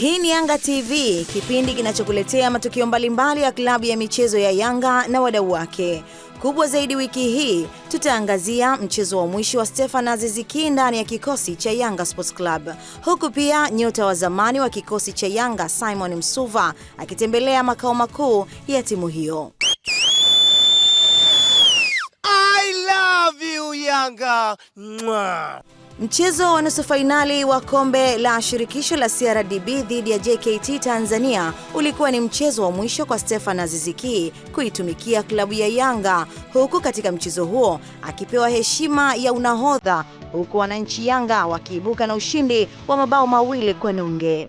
Hii ni Yanga TV, kipindi kinachokuletea matukio mbalimbali ya klabu ya michezo ya Yanga na wadau wake. Kubwa zaidi wiki hii tutaangazia mchezo wa mwisho wa Stefan Aziz Ki ndani ya kikosi cha Yanga Sports Club, huku pia nyota wa zamani wa kikosi cha Yanga Simon Msuva akitembelea makao makuu ya timu hiyo. I love you, Yanga. Mwah. Mchezo wa nusu fainali wa kombe la shirikisho la CRDB dhidi ya JKT Tanzania ulikuwa ni mchezo wa mwisho kwa Stefan Aziziki kuitumikia klabu ya Yanga, huku katika mchezo huo akipewa heshima ya unahodha, huku wananchi Yanga wakiibuka na ushindi wa mabao mawili kwa nunge.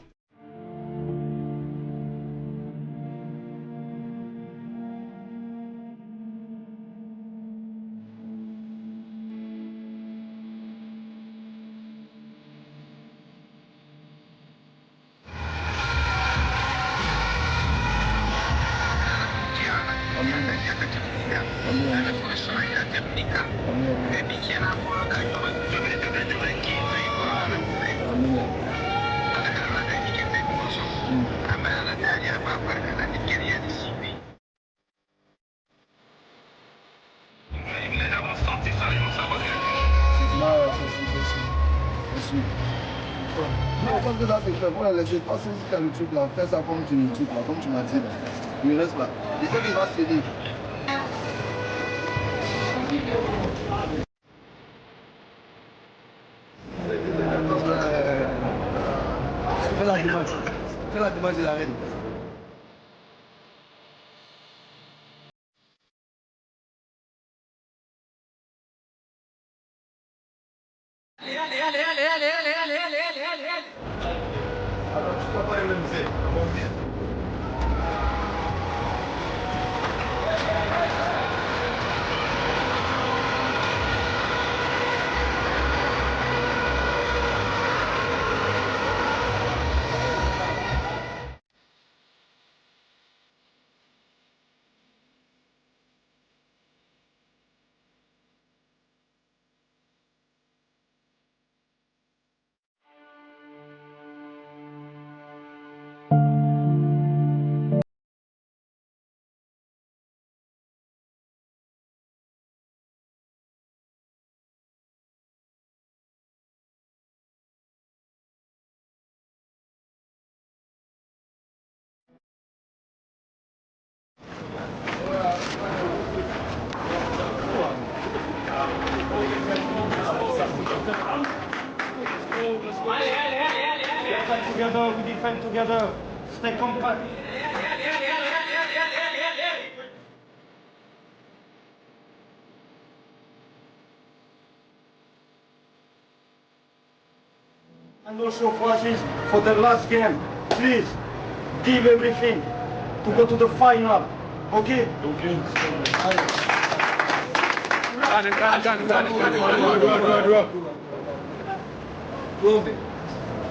que ça c'est fait, vous la laissez passer jusqu'à le truc là, fais ça comme tu tu, là, comme tu m'as dit là. Il reste là. Il faut qu'il va se Fais euh, la demande. Fais la demande de la reine. together, we defend together, stay compact. And also Francis, for the last game, please give everything to go to the final. Okay? Okay. Run, run, run, run, run, run, run, run.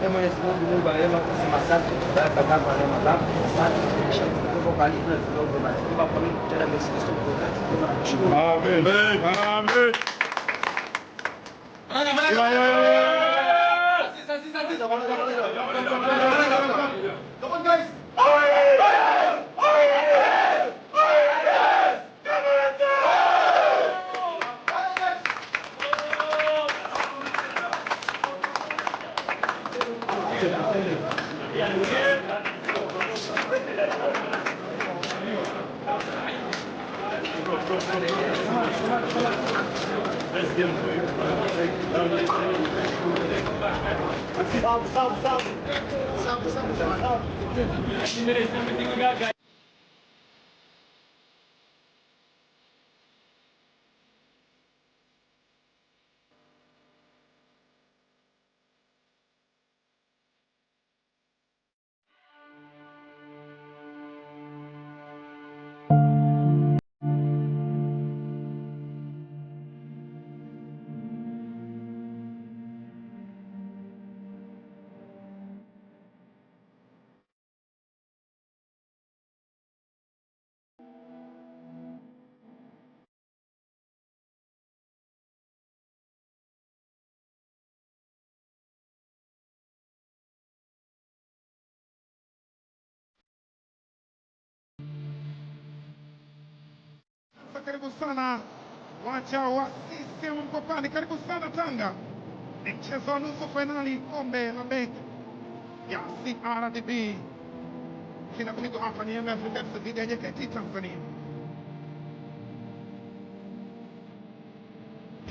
hemos muy problema se matar, vai pagar para matar, Amém. Amém. Amém. Come on, Amin. Saldı saldı saldı. Saldı saldı saldı. Şimdi resmen bir tekrar Mwanza, karibu sana uwanja wa CCM Mkopani, karibu sana Tanga. Ni mchezo wa nusu fainali kombe la bek ya CRDB kinapigwa hapa ni Afrika dhidi ya JKT Tanzania.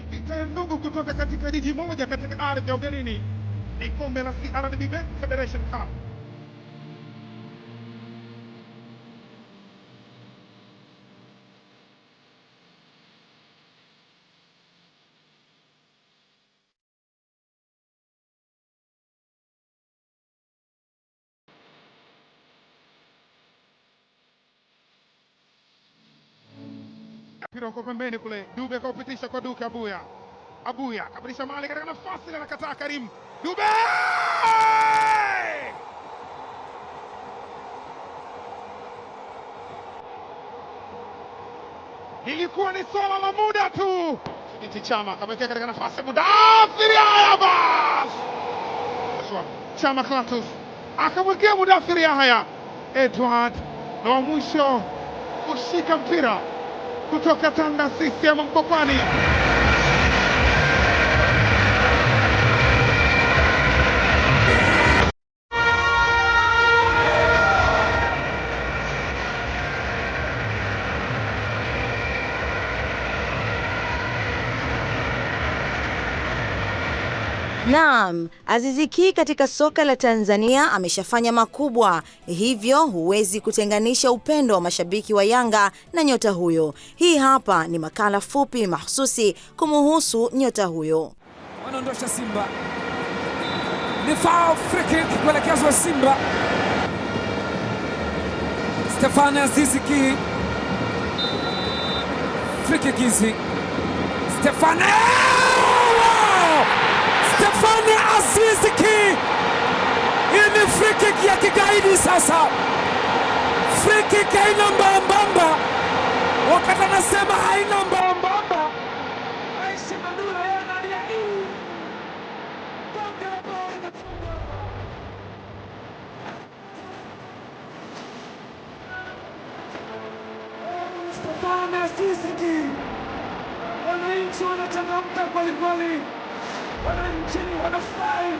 Vita ndugu kutoka katika jiji moja katika ardhi ya Ugenini ni kombe la CRDB Bank Federation Cup. mpira uko pembeni kule, Dube kaupitisha kwa Duke Abuya. Abuya kapitisha mali katika nafasi, anakataa Karim Dube ilikuwa ni swala la muda tu. Mwenyekiti Chama kamekea katika nafasi Mudathiri. Haya Chama Clatous akamwekea Mudathiri. Haya Edward na wa mwisho kushika mpira kutoka Tanda CCM Mkwakwani. Naam, Azizi katika soka la Tanzania ameshafanya makubwa, hivyo huwezi kutenganisha upendo wa mashabiki wa Yanga na nyota huyo. Hii hapa ni makala fupi mahususi kumuhusu nyota huyo. Wanaondosha Simba. Ni foul free kick kuelekezwa Simba. Stefano Aziziki Free kick hizi. Stefano Fane Aziz Ki. Hii ni free kick ya kigaidi sasa, free kick haina mbambamba, wakati anasema haina mbambamba, Fane Aziz Ki, wananchi wanachangamka kwelikweli wananchi wanafurahi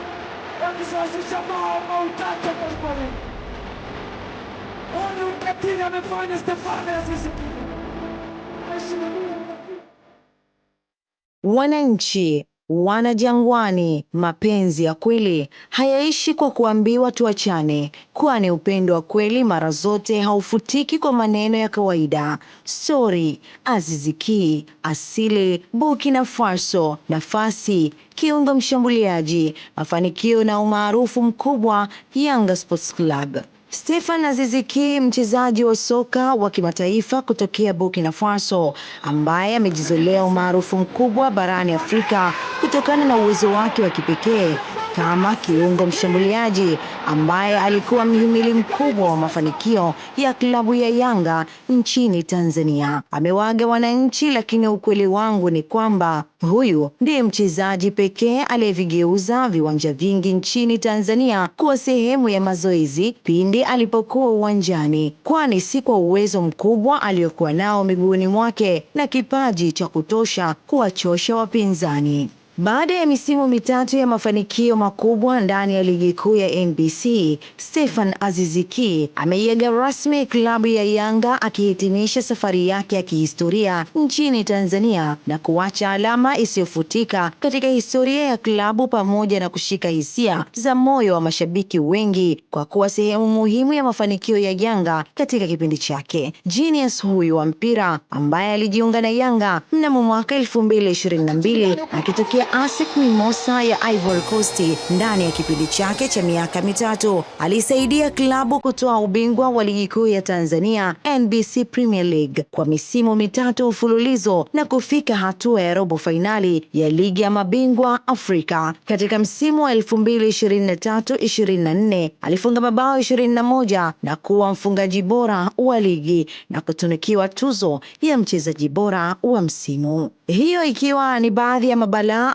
wakisawazisha mao mautata Kampala. Huu ni ukatili amefanya Stefano Azizi. Wananchi wana jangwani mapenzi ya kweli hayaishi kwa kuambiwa tuachane, kwani upendo wa kweli mara zote haufutiki kwa maneno ya kawaida. sori Azizi Ki, asili Burkina Faso, nafasi kiungo mshambuliaji, mafanikio na umaarufu mkubwa Yanga Sports Club. Stefan Aziz Ki, mchezaji wa soka wa kimataifa kutokea Burkina Faso ambaye amejizolea umaarufu mkubwa barani Afrika kutokana na uwezo wake wa kipekee kama kiungo mshambuliaji ambaye alikuwa mhimili mkubwa wa mafanikio ya klabu ya Yanga nchini Tanzania. Amewaaga wananchi, lakini ukweli wangu ni kwamba huyu ndiye mchezaji pekee aliyevigeuza viwanja vingi nchini Tanzania kuwa sehemu ya mazoezi pindi alipokuwa uwanjani, kwani si kwa uwezo mkubwa aliyokuwa nao miguuni mwake na kipaji cha kutosha kuwachosha wapinzani. Baada ya misimu mitatu ya mafanikio makubwa ndani ya ligi kuu ya NBC, Stefan aziziki ameiaga rasmi klabu ya Yanga akihitimisha safari yake ya kihistoria nchini Tanzania na kuacha alama isiyofutika katika historia ya klabu pamoja na kushika hisia za moyo wa mashabiki wengi kwa kuwa sehemu muhimu ya mafanikio ya Yanga katika kipindi chake. Genius huyu wa mpira ambaye alijiunga na Yanga mnamo mwaka 2022 akitokea Asik Mimosa ya Ivory Coast ndani ya kipindi chake cha miaka mitatu alisaidia klabu kutoa ubingwa wa ligi kuu ya Tanzania NBC Premier League kwa misimu mitatu mfululizo na kufika hatua ya robo fainali ya ligi ya mabingwa Afrika. Katika msimu wa 2023-24 alifunga mabao 21 na kuwa mfungaji bora wa ligi na kutunukiwa tuzo ya mchezaji bora wa msimu. Hiyo ikiwa ni baadhi ya mabalaa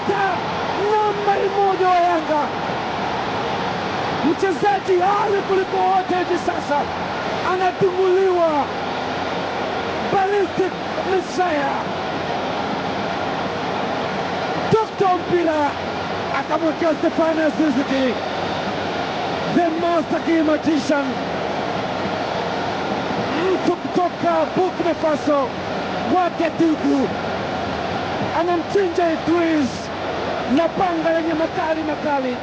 nyota nambari moja wa Yanga, mchezaji ali kuliko wote hivi sasa, anatumuliwa Ballistic Messiah, dokta wa mpira akamwekea Stefano Aziz the master kimatician, mtu kutoka Burkina Faso, Wagadugu, anamchinja Idris na panga lenye makali makali.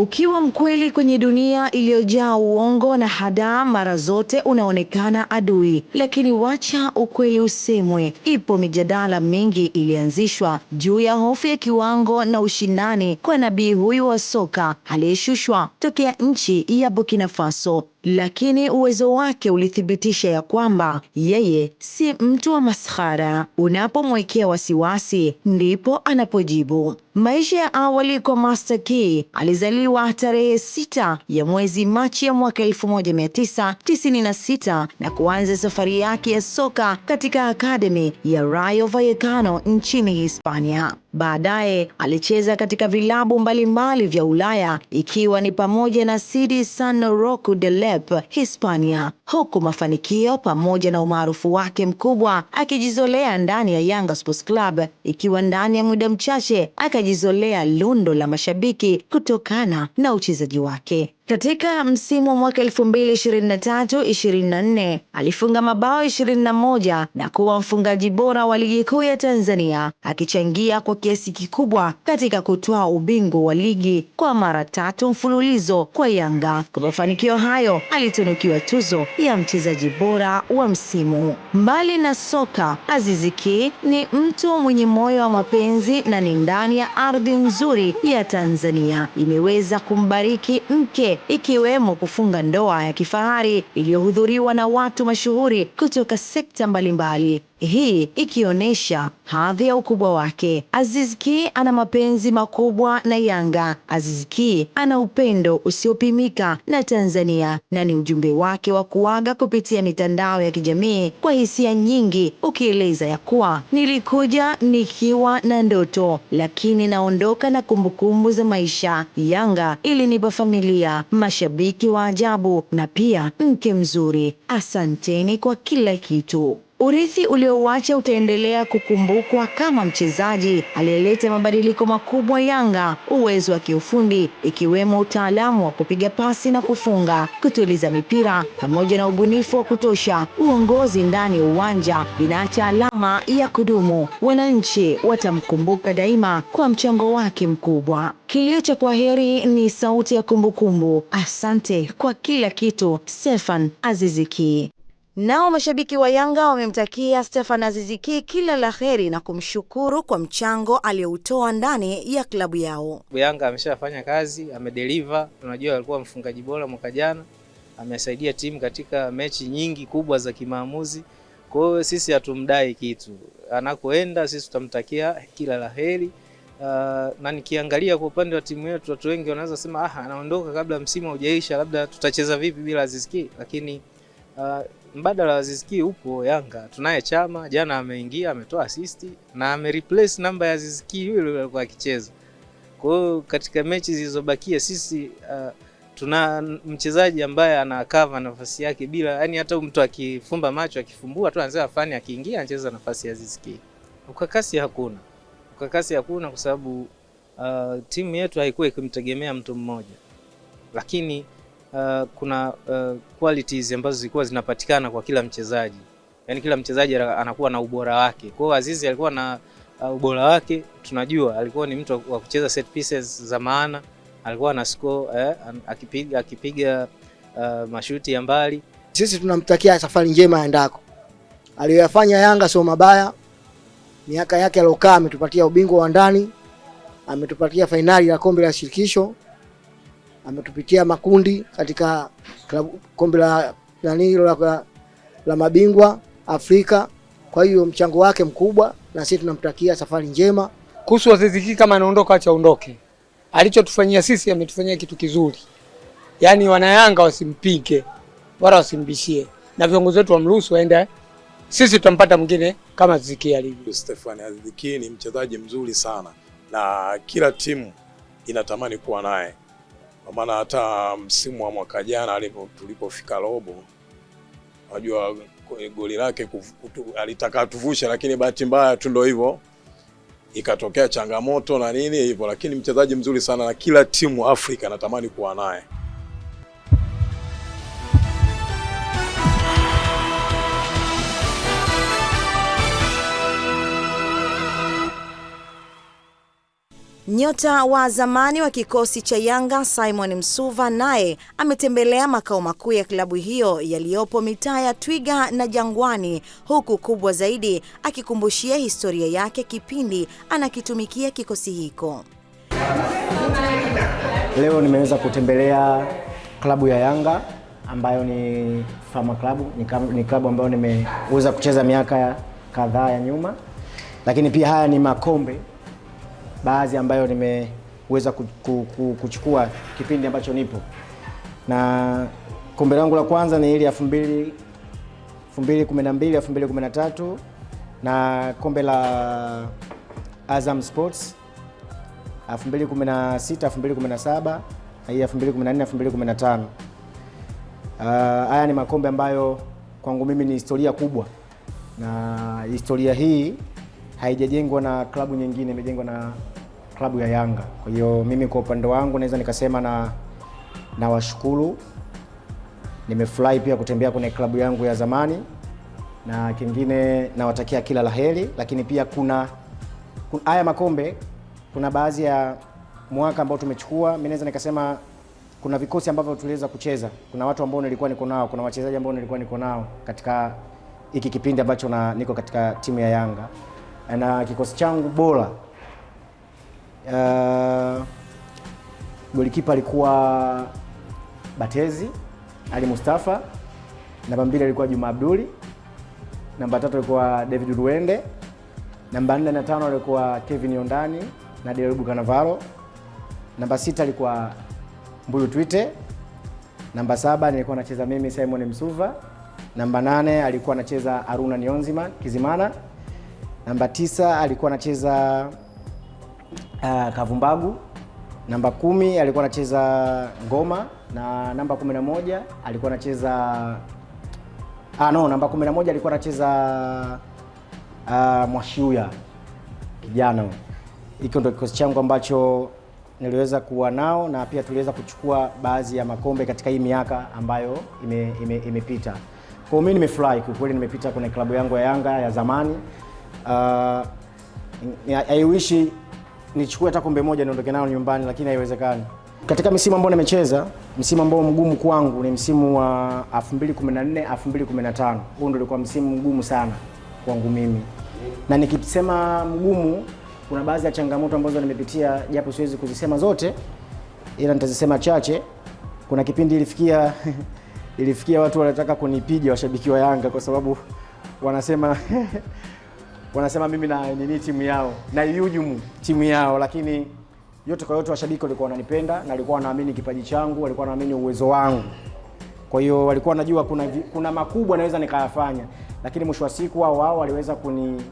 Ukiwa mkweli kwenye dunia iliyojaa uongo na hadaa, mara zote unaonekana adui, lakini wacha ukweli usemwe. Ipo mijadala mingi ilianzishwa juu ya hofu ya kiwango na ushindani kwa nabii huyu wa soka aliyeshushwa tokea nchi ya Burkina Faso, lakini uwezo wake ulithibitisha ya kwamba yeye si mtu wa maskhara. Unapomwekea wasiwasi, ndipo anapojibu. Maisha ya awali kwa Master Key, alizaliwa wa tarehe sita ya mwezi Machi ya mwaka 1996 na kuanza safari yake ya soka katika akademi ya Rayo Vallecano nchini Hispania. Baadaye alicheza katika vilabu mbalimbali vya Ulaya ikiwa ni pamoja na CD San Roque de Lep Hispania, huku mafanikio pamoja na umaarufu wake mkubwa akijizolea ndani ya Yanga Sports Club, ikiwa ndani ya muda mchache akajizolea lundo la mashabiki kutokana Não that you are Katika msimu wa mwaka 2023-24 alifunga mabao 21 na kuwa mfungaji bora wa ligi kuu ya Tanzania akichangia kwa kiasi kikubwa katika kutoa ubingwa wa ligi kwa mara tatu mfululizo kwa Yanga. Kwa mafanikio hayo, alitunukiwa tuzo ya mchezaji bora wa msimu. Mbali na soka, aziziki ni mtu mwenye moyo wa mapenzi na ni ndani ya ardhi nzuri ya Tanzania imeweza kumbariki mke ikiwemo kufunga ndoa ya kifahari iliyohudhuriwa na watu mashuhuri kutoka sekta mbalimbali hii ikionyesha hadhi ya ukubwa wake. Aziz Ki ana mapenzi makubwa na Yanga. Aziz Ki ana upendo usiopimika na Tanzania, na ni ujumbe wake wa kuaga kupitia mitandao ya kijamii kwa hisia nyingi, ukieleza ya kuwa nilikuja nikiwa na ndoto, lakini naondoka na kumbukumbu za maisha. Yanga ilinipa familia, mashabiki wa ajabu na pia mke mzuri. Asanteni kwa kila kitu. Urithi uliouacha utaendelea kukumbukwa kama mchezaji aliyeleta mabadiliko makubwa Yanga, uwezo wa kiufundi ikiwemo utaalamu wa kupiga pasi na kufunga, kutuliza mipira pamoja na ubunifu wa kutosha. Uongozi ndani ya uwanja vinaacha alama ya kudumu. Wananchi watamkumbuka daima kwa mchango wake mkubwa. Kilio cha kwaheri ni sauti ya kumbukumbu. Asante kwa kila kitu, Stefan Aziziki. Nao mashabiki wa Yanga wamemtakia Stefan Aziziki kila la heri na kumshukuru kwa mchango aliyoutoa ndani ya klabu yao. Yanga ameshafanya kazi, amedeliver. Unajua alikuwa mfungaji bora mwaka jana, amesaidia timu katika mechi nyingi kubwa za kimaamuzi. Kwa hiyo sisi hatumdai kitu, anakoenda sisi tutamtakia kila la heri. Uh, ah, na nikiangalia kwa upande wa timu yetu, watu wengi wanaweza sema ah, anaondoka kabla msimu haujaisha, labda tutacheza vipi bila Aziziki, lakini uh, mbadala wa Azizki upo Yanga, tunaye Chama jana ameingia ametoa assist na amereplace namba ya Azizki yule alikuwa akicheza. Kwa hiyo katika mechi zilizobakia sisi uh, tuna mchezaji ambaye ana cover nafasi yake bila yani, hata mtu akifumba macho akifumbua tu anaweza afanye, akiingia anacheza nafasi ya Azizki. Ukakasi hakuna, ukakasi hakuna kwa sababu uh, timu yetu haikuwa ikimtegemea mtu mmoja, lakini uh, kuna uh, qualities ambazo zilikuwa zinapatikana kwa kila mchezaji, yaani kila mchezaji anakuwa na ubora wake. Kwa hiyo Azizi alikuwa na uh, ubora wake, tunajua alikuwa ni mtu wa kucheza set pieces za maana, alikuwa na score eh, akipiga akipiga uh, mashuti ya mbali. Sisi tunamtakia safari njema ya aliyoyafanya Yanga sio mabaya. Miaka yake aliokaa ametupatia ubingwa wa ndani, ametupatia fainali ya kombe la shirikisho ametupitia makundi katika kombe la nani hilo la, la mabingwa Afrika. Kwa hiyo mchango wake mkubwa, na sisi tunamtakia safari njema. Kuhusu Aziz Ki, kama anaondoka acha aondoke, alichotufanyia sisi ametufanyia kitu kizuri, yaani wanayanga wasimpige wala wasimbishie, na viongozi wetu wamruhusu aende, eh? sisi tutampata mwingine kama Aziz Ki alivyo. Stefan Aziz Ki ni mchezaji mzuri sana na kila timu inatamani kuwa naye kwa maana hata msimu wa mwaka jana alipo tulipofika robo, unajua goli lake kutu, alitaka tuvushe, lakini bahati mbaya tu ndio hivyo ikatokea changamoto na nini hivyo, lakini mchezaji mzuri sana na kila timu Afrika natamani kuwa naye. Nyota wa zamani wa kikosi cha Yanga Simon Msuva naye ametembelea makao makuu ya klabu hiyo yaliyopo mitaa ya Twiga na Jangwani, huku kubwa zaidi akikumbushia historia yake kipindi anakitumikia kikosi hiko. Leo nimeweza kutembelea klabu ya Yanga ambayo ni Fama klabu, ni klabu ambayo nimeweza kucheza miaka kadhaa ya nyuma, lakini pia haya ni makombe baadhi ambayo nimeweza kuchukua kipindi ambacho nipo, na kombe langu la kwanza ni ile 2012 2013 na kombe la Azam Sports 2016 2017 na hii 2014 2015. Uh, Haya ni makombe ambayo kwangu mimi ni historia kubwa, na historia hii haijajengwa na klabu nyingine, imejengwa na klabu ya Yanga. Kwa hiyo mimi kwa upande wangu naweza nikasema na nawashukuru, nimefurahi pia kutembea kwenye klabu yangu ya zamani, na kingine nawatakia kila laheri, lakini pia kuna haya makombe, kuna baadhi ya mwaka ambao tumechukua, mimi naweza nikasema kuna vikosi ambavyo tuliweza kucheza, kuna watu ambao nilikuwa niko nao, kuna wachezaji ambao nilikuwa niko nao katika hiki kipindi ambacho na niko katika timu ya Yanga na kikosi changu bora uh, golikipa alikuwa Batezi Ali Mustafa, namba mbili alikuwa Juma Abduli, namba tatu alikuwa David Ruende, namba nne na tano alikuwa Kevin Yondani na Diego Cannavaro, namba sita alikuwa Mbuyu Twite, namba saba nilikuwa nacheza mimi Simon Msuva, namba nane alikuwa anacheza Aruna Nionzima Kizimana, namba tisa alikuwa anacheza uh, Kavumbagu. Namba kumi alikuwa anacheza ngoma na namba moja alikuwa anacheza ah, no, namba moja alikuwa anacheza uh, ah, Mwashuya kijana. Hiko ndio kikosi changu ambacho niliweza kuwa nao na pia tuliweza kuchukua baadhi ya makombe katika hii miaka ambayo imepita ime, ime kwa mimi nimefurahi kwa kweli, nimepita kwenye klabu yangu ya Yanga ya zamani uh, ah, wish nichukue hata kombe moja niondoke nalo nyumbani, lakini haiwezekani. Katika misimu ambayo nimecheza, msimu ambao mgumu kwangu ni msimu wa 2014 2015. Huu ndio ulikuwa msimu mgumu sana kwangu mimi, na nikisema mgumu, kuna baadhi ya changamoto ambazo nimepitia, japo siwezi kuzisema zote, ila nitazisema chache. Kuna kipindi ilifikia ilifikia watu wanataka kunipiga, washabiki wa Yanga, kwa sababu wanasema wanasema mimi na nini timu yao na yujumu timu yao, lakini yote kwa yote washabiki walikuwa wananipenda na walikuwa wanaamini kipaji changu, walikuwa wanaamini uwezo wangu. Kwa hiyo walikuwa wanajua kuna, kuna makubwa naweza nikayafanya, lakini mwisho wa siku wao wao waliweza kuni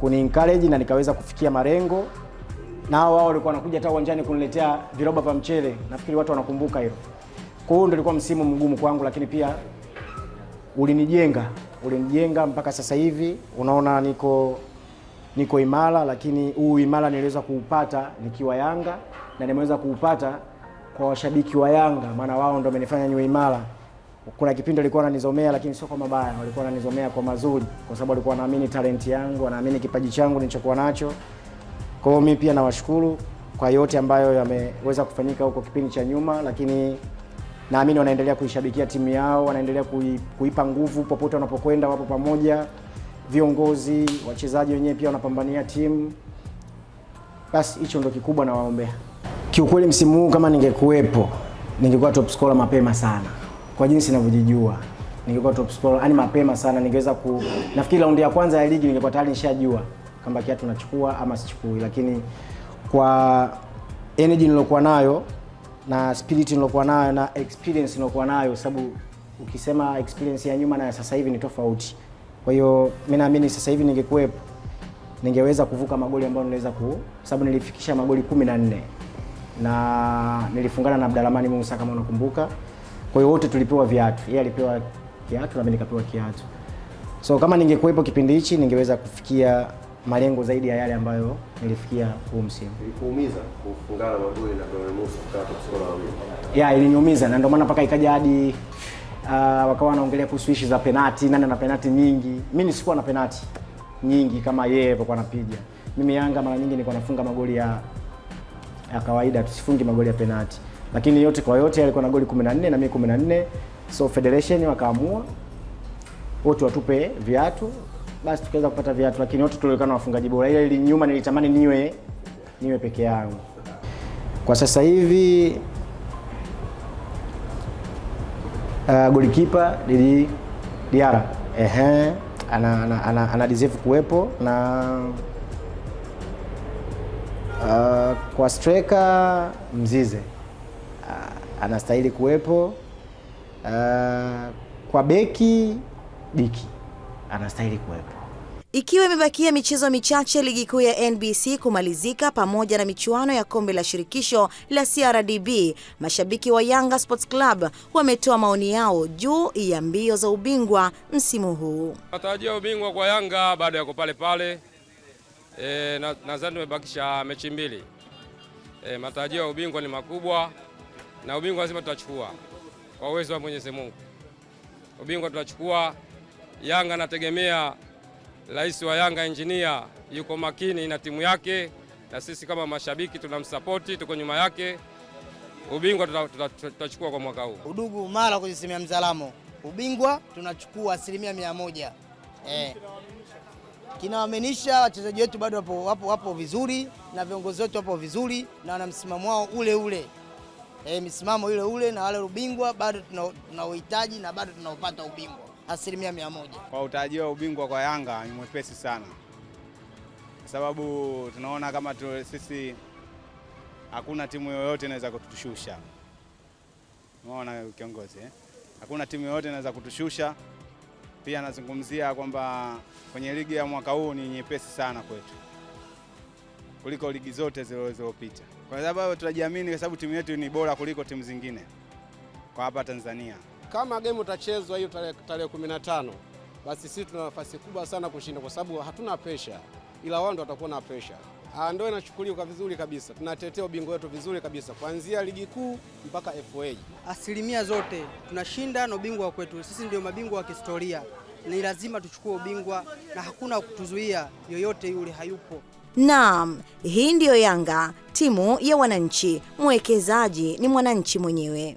kuni encourage na nikaweza kufikia malengo, na hao wao walikuwa wanakuja hata uwanjani kuniletea viroba vya mchele. Nafikiri watu wanakumbuka hilo. Kwa hiyo ndio ilikuwa msimu mgumu kwangu, lakini pia ulinijenga, ulinijenga mpaka sasa hivi unaona niko niko imara, lakini huu imara niliweza kuupata nikiwa Yanga na nimeweza kuupata kwa washabiki wa Yanga, maana wao ndio wamenifanya niwe imara. Kuna kipindi walikuwa wananizomea, lakini sio kwa mabaya, walikuwa wananizomea kwa mazuri, kwa sababu walikuwa wanaamini talenti yangu, wanaamini kipaji changu nilichokuwa nacho. Kwa hiyo mimi pia nawashukuru kwa yote ambayo yameweza kufanyika huko kipindi cha nyuma, lakini naamini wanaendelea kuishabikia timu yao, wanaendelea kui, kuipa nguvu popote wanapokwenda, wapo pamoja, viongozi, wachezaji wenyewe pia wanapambania timu. Basi hicho ndio kikubwa na waombea. Kiukweli msimu huu kama ningekuwepo, ningekuwa top scorer mapema sana, kwa jinsi ninavyojijua ningekuwa top scorer yani mapema sana, ningeweza ku nafikiri raundi ya kwanza ya ligi ningekuwa tayari nishajua kama kiatu nachukua ama sichukui, lakini kwa energy nilokuwa nayo na spirit nilokuwa nayo na experience nilokuwa nayo, sababu ukisema experience ya nyuma na sasa hivi ni tofauti. Kwa hiyo mimi naamini sasa hivi ningekuwepo, ningeweza kuvuka magoli ambayo niliweza ku, sababu nilifikisha magoli 14 na nilifungana na Abdalamani Musa kama unakumbuka. Kwa hiyo wote tulipewa viatu, yeye alipewa kiatu na mimi nikapewa kiatu. So kama ningekuwepo kipindi hichi ningeweza kufikia malengo zaidi ya yale ambayo nilifikia huu msimu. Ilikuumiza kufungana magoli na Gabriel Musa kwa kusora wawili. Yeah, iliniumiza na ndio maana mpaka ikaja hadi uh, wakawa wanaongelea kuhusu ishi za penati, nani ana penati nyingi. Mimi sikuwa na penati nyingi kama yeye alipokuwa anapiga. Mimi Yanga mara nyingi nilikuwa nafunga magoli ya ya kawaida, tusifungi magoli ya penati. Lakini yote kwa yote alikuwa na goli 14 na mimi 14. So federation wakaamua wote watupe viatu basi tukaweza kupata viatu, lakini wote tulionekana wafungaji bora. Ile ili nyuma nilitamani niwe niwe peke yangu. Kwa sasa hivi uh, golikipa Didi Diara ehe, ana, ana, ana, ana deserve kuwepo na uh, kwa striker Mzize uh, anastahili kuwepo uh, kwa beki Diki anastahili kuwepo. Ikiwa imebakia michezo michache ligi kuu ya NBC kumalizika pamoja na michuano ya kombe la shirikisho la CRDB, mashabiki wa Yanga Sports Club wametoa maoni yao juu ya mbio za ubingwa msimu huu. Natarajia ubingwa kwa Yanga baada ya kupale pale e, nadhani tumebakisha mechi mbili e, matarajio ya ubingwa ni makubwa na ubingwa lazima tutachukua kwa uwezo wa Mwenyezi Mungu, ubingwa tutachukua. Yanga nategemea rais wa Yanga Engineer yuko makini na timu yake, na sisi kama mashabiki tunamsapoti, tuko nyuma yake. Ubingwa tutachukua tuta, tuta, tuta kwa mwaka huu. Udugu mara kujisemea Mzalamo, ubingwa tunachukua asilimia mia moja. Eh, kinawaaminisha wachezaji wetu bado wapo, wapo, wapo vizuri na viongozi wetu wapo vizuri na wana msimamo wao ule ule e, misimamo ile ule na wale ubingwa bado tunauhitaji na bado tunaopata ubingwa asilimia mia moja. Kwa utarajiwa ubingwa kwa Yanga ni mwepesi sana, kwa sababu tunaona kama tu, sisi hakuna timu yoyote inaweza kutushusha. Unaona kiongozi eh? Hakuna timu yoyote inaweza kutushusha. Pia anazungumzia kwamba kwenye ligi ya mwaka huu ni nyepesi sana kwetu kuliko ligi zote zilizopita, kwa sababu tunajiamini, kwa sababu timu yetu ni bora kuliko timu zingine kwa hapa Tanzania. Kama game utachezwa hiyo tarehe 15, basi sisi tuna nafasi kubwa sana kushinda, kwa sababu hatuna pesha ila wao ndio watakuwa na pressure. Ah, ndio inachukuliwa kwa vizuri kabisa, tunatetea ubingwa wetu vizuri kabisa, kuanzia ligi kuu mpaka FA. Asilimia zote tunashinda na ubingwa kwetu sisi, ndio mabingwa wa kihistoria, ni lazima tuchukue ubingwa na hakuna kutuzuia, yoyote yule hayupo. Naam, hii ndiyo Yanga, timu ya wananchi. Mwekezaji ni mwananchi mwenyewe.